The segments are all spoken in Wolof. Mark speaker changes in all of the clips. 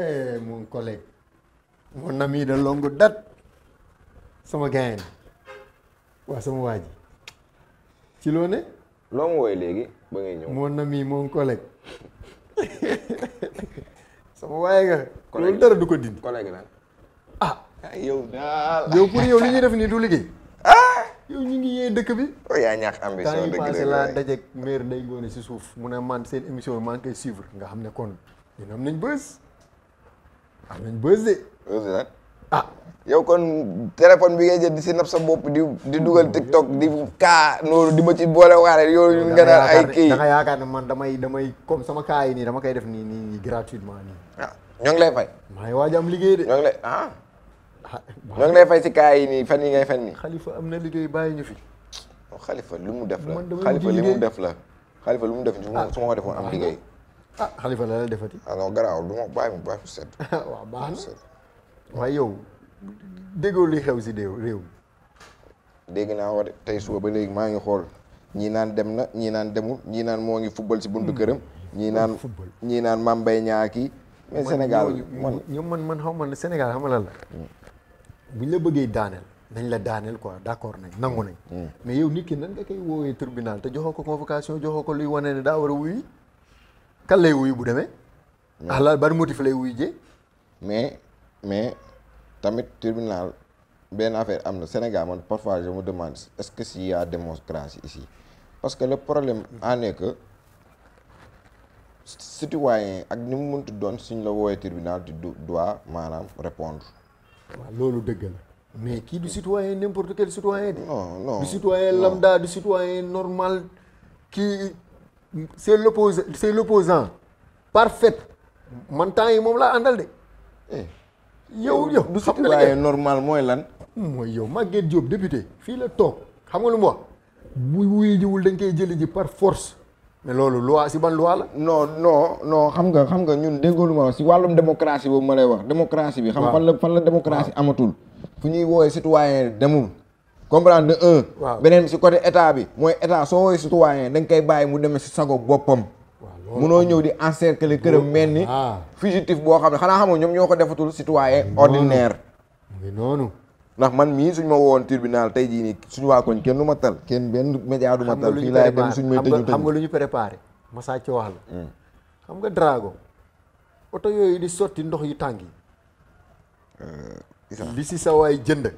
Speaker 1: eh mon collègue mon ami de longue date sama gayen waa sama waa ji ci loo ne.
Speaker 2: loo mu woy léegi
Speaker 1: ba ngay ñëw. mon ami mon collègue sama waaye nga. loolu dara du ko dindi.
Speaker 2: collègue la ah. ah. yow daal yow pour yow li
Speaker 1: ñuy def nii du liggéey. Ah. yow ñu ngi yee dëkk bi. oh yaa am ambition dëgg passé laa dajeeg maire Ndeye Ngone si suuf mu ne man seen émission bi maa ngi nga xam ne kon ñun am nañ bës. am nañ bës de. bës de ah. yow kon
Speaker 2: téléphone bi ngay jël di si napp sa bopp di di dugal TikTok di kaa noonu di ma ci boole waare yooyu nga naan ay kii da nga
Speaker 1: yaakaar ne man damay damay comme sama kaa yi nii dama koy def nii nii gratuitement nii.
Speaker 2: ah ñoo ngi lay fay. maa ngi waaj am liggéey de. ñoo ngi lay ah. ah. fay si kaa yi nii fan yi ngay fen nii. xalifa am
Speaker 1: na liggéey bàyyi ñu fi. xalifa
Speaker 2: li mu def la xalifa li mu def la xalifa lu mu def su ma ko defoon am ah. liggéey. a ah, xalifa la la defati. gara garaaw du ma bàyyi mu bàyyi mu sedd. waaw baax na waaye yow déggoo li xew si réew réew. dégg naa wax de tey suba ba léegi maa ngi xool ñii naan dem na ñii naan demul ñii naan moo ngi football si buntu këram. ñii naan ñii naan Mame Mbaye Niang kii. mais Sénégal man
Speaker 1: ñoom man man ma Sénégal xam nga lan la. Hmm. buñ la bëggee daaneel. nañ la daaneel quoi d'accord nañ nangu nañ. Hmm. mais yow nit ki nan nga koy woowee tribunal te joxoo ko convocation joxoo ko luy kan lay wuyu bu demee. ah la
Speaker 2: motif lay wuyu jee. mais mais tamit tribunal benn affaire am na Sénégal man parfois je me demande est-ce que s'il y a démocratie parce que le problème en est que citoyen ak ni mu mënti doon suñ la woowee tribunal tu dois maanaam répondre.
Speaker 1: waaw loolu dëgg la. mais kii du citoyen n'importe quel citoyen. non non du citoyen lambda du citoyen normal kii. c'est l'oppose c'est l'opposant parfait man temps yi moom laa àndal de eh. yow yow du xam normal mooy lan mooy yow Maguette Diop député fii la toog xam nga lu mu wax bu wuyu jiwul dañ koy jëli ji par force ne loolu loi si ban loi la non non non xam nga xam nga ñun déggoolu
Speaker 2: ma si wàllum démocratie boobu ma lay wax démocratie bi xam fan la fan la démocratie amatul fu ñuy woowee citoyen demul comprendre na un. beneen si côté état bi. mooy état soo woowee citoyen da nga koy bàyyi mu demee si sago boppam. munoo ñëw di encercler këram mel ni. Ah. fugitif boo xam ne xanaa xamoo ñoom ñoo ko defatul citoyen ordinaire.
Speaker 1: noonu. ndax
Speaker 2: man mii suñ ma woon tribunal tey jii nii suñu waa koñ kenn du ma kenn benn média du ma tal fii laay dem suñ may tëju xam nga lu
Speaker 1: ñu préparé Massa ci wax la hmm. xam nga drago oto yooyu di ndox yu tàng yi euh, li si sa waay jënd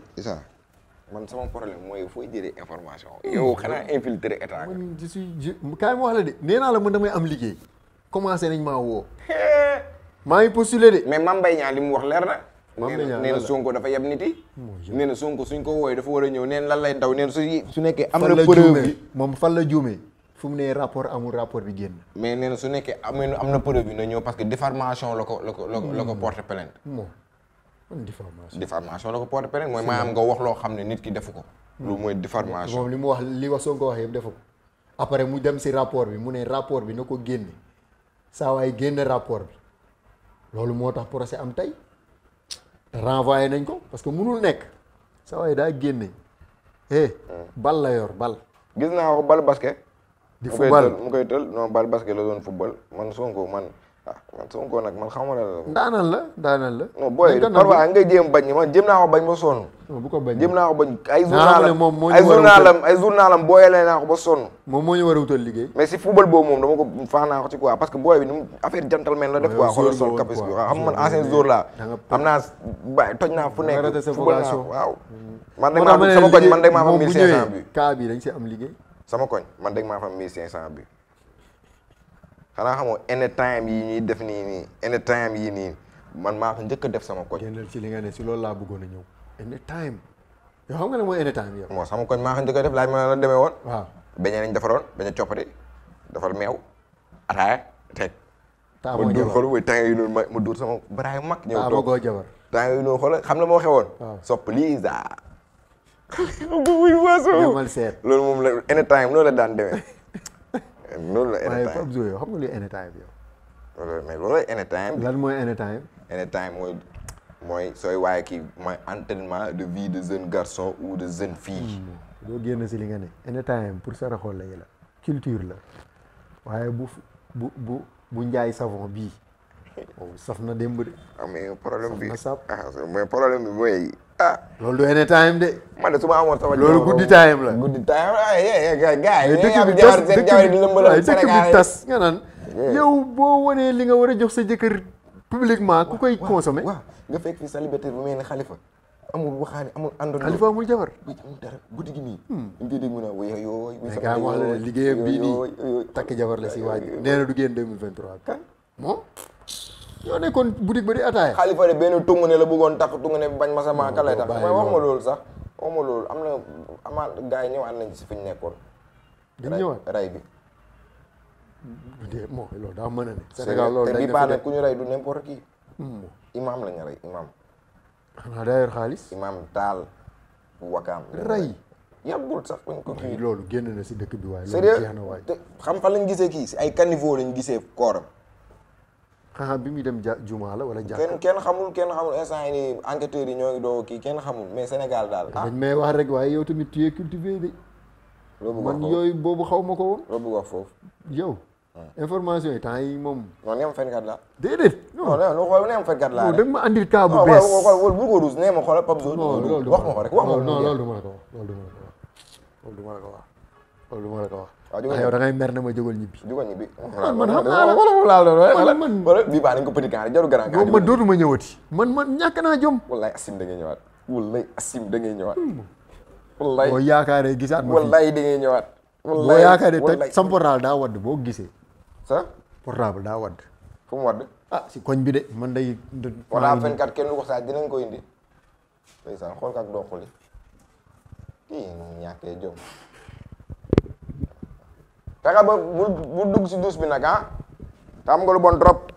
Speaker 2: man sama problème mooy fooy jëlee information. Hmm. yow xanaa
Speaker 1: infiltrer état nga. man je suis je kaay ma wax la de nee naa la man damay am liggéey. commencé nañ maa woo. maa ngi postulé de. mais Mame Mbaye Niang li mu wax leer na. Mame Mbaye Niang nee na Sonko dafa yeb nit yi. nee
Speaker 2: na ko wooyee dafa war a ñëw nee na lan lay ndaw nee na su su nekkee am na preuve bi
Speaker 1: moom fan la juumee. fu mu ne rapport bi génn.
Speaker 2: mais nee na su nekkee am na am na preuve bi na ñëw parce que déformation la ko la ko la ko hmm. porte plainte diffamation diffamation la ko porté plainte mooy maanaam nga wax loo xam ne nit ki defu ko.
Speaker 1: loolu mooy diffamation. moom li mu wax li wax soo ko wax yëpp defu ko après mu dem si rapport bi mu ne rapport bi na ko génne saa waay génne rapport bi loolu moo tax procès am tey renvoyé nañ ko parce que munul nekk saa waay daa génne eh, hmm. bal la yor bal. gis
Speaker 2: naa ko bal basket. di football mu koy tël mu bal basket la doon football man Sonko man. ah man Sonko nag man
Speaker 1: xamu ne la. daanaan la daanaan booy parfois
Speaker 2: ngay bañ man jéem naa ko bañ ba sonn. bu bañ jéem naa ko bañ. ay journalam ay journalam ay journalam booyalee naa ko ba sonn. moom moo ñu war a wutal liggéey. mais si football boobu moom dama ko faax naa ko ci quoi parce que booy bi ni affaire gentleman la def quoi. xoolal sol kapis bi waaw xam man ancien jour laa. am naa bàyyi naa fu nekk football naa waaw. man sama koñ man dañ maa fa 1500 bi. cas bi bi xanaa xamoo any time yi ñuy def nii nii any time yi nii man maa ko njëkk def sama
Speaker 1: koñ. génnal li nga ne si loolu laa bëggoon a ñëw. any time
Speaker 2: yow xam nga ne mooy any time moo sama koñ maa ko njëkk a def laaj ma la demee woon. waaw bañ a nañ defaroon bañ a coppati defar meew ataaya teg. taamu jabar ma duur xool mooy temps yii ma ma duur sama baraay mag. ñëw toog taamu jabar. temps yii noonu xool xam na moo xewoon. waaw soppali zaa. xam nga seet loolu moom la any time loolu la daan demee. loolu la anytime waaye mais loolooy anytime. lan
Speaker 1: mooy anytime.
Speaker 2: anytime mooy sooy waaye ki mooy entraînement de vie de jeune garçon
Speaker 1: ou de jeune fille. Hmm. doo génn si li nga ne anytime pour sa raxool la la culture la waaye bu njaay savon bii. saf na démb de. saf na sap. ah mais ah, bi mooy. ah loolu du any
Speaker 2: time de. man de su ma amoon sama loolu guddi time la guddi
Speaker 1: time dëkk bi tas nga naan yow boo wanee li nga war a jox sa jëkkër publiquement ku koy consommer. waaw nga fekk fi célibataire bu mel ni Khalifa amul waxaani amul àndoon. Khalifa amul jabar. amul dara guddi hmm. mu ne wéy yooyu. mais gars wax la liggéeyam bii nii takk jabar la si waaj. nee na du génn 2023.
Speaker 2: ñoo nekkoon boutique ba di ataaya. xalifa de benn tungu ne la bëggoon takk tungu ne bañ ma sama ka lay tax mais wax ma loolu sax wax ma loolu am na ama gars yi ñëwaat nañ si fi ñu nekkoon.
Speaker 1: di ñëwaat ray bi. bon loolu daa mën a ne. Sénégal loolu dañ ko ñu rey
Speaker 2: du n'importe qui. imaam la ñu rey imaam. xanaa daa yor xaalis. imaam taal wakaam. rey. yàggul sax kuñ ko kii. loolu
Speaker 1: génn na si dëkk bi waaye. loolu jeex na
Speaker 2: waaye lañ gisee kii si ay caniveau lañ gisee kooram.
Speaker 1: xanaa bi muy dem ja juma la wala jàkka. kenn
Speaker 2: kenn xamul kenn xamul instant yi ñoo ngi doog xamul mais Sénégal
Speaker 1: daal. ah dañ wax rek waaye yow tamit tu es cultivé de. man yooyu boobu xaw ma ko woon. loolu bëgg wax foofu. Ah. information yi temps yi moom. non nee ma fenkat la. déedéet. non
Speaker 2: non non ma fenkat la. bees. wax wax ma ko rek ma loolu ma la ko wax. waaw ah, ah, yow da
Speaker 1: ngay mer ne ma jógal ñibbi.
Speaker 2: jógal ñibbi ah, man xam naa la wala wala wala man wala bii baax nañ ko petit carré jaru grand carré. man
Speaker 1: dootuma ñëwati. man man ñàkk naa jom.
Speaker 2: wallaay asim da ngay ñëwaat. wallaay asim da ngay ñëwaat. Hmm.
Speaker 1: wallaay boo yaakaaree gisaat ma fi wallaay
Speaker 2: da ngay ñëwaat. wallaay boo yaakaaree te sam
Speaker 1: portable daa wadd boo gisee. sa portable daa wadd. fu mu wadd. ah si koñ bi de man day. wala 24
Speaker 2: kenn du ko saa dinañ ko indi. ndeysaan xool kaak doo xooli kii ñàkkee jom fexe ba bul bul dugg si douche bi naga ah te lu bon trop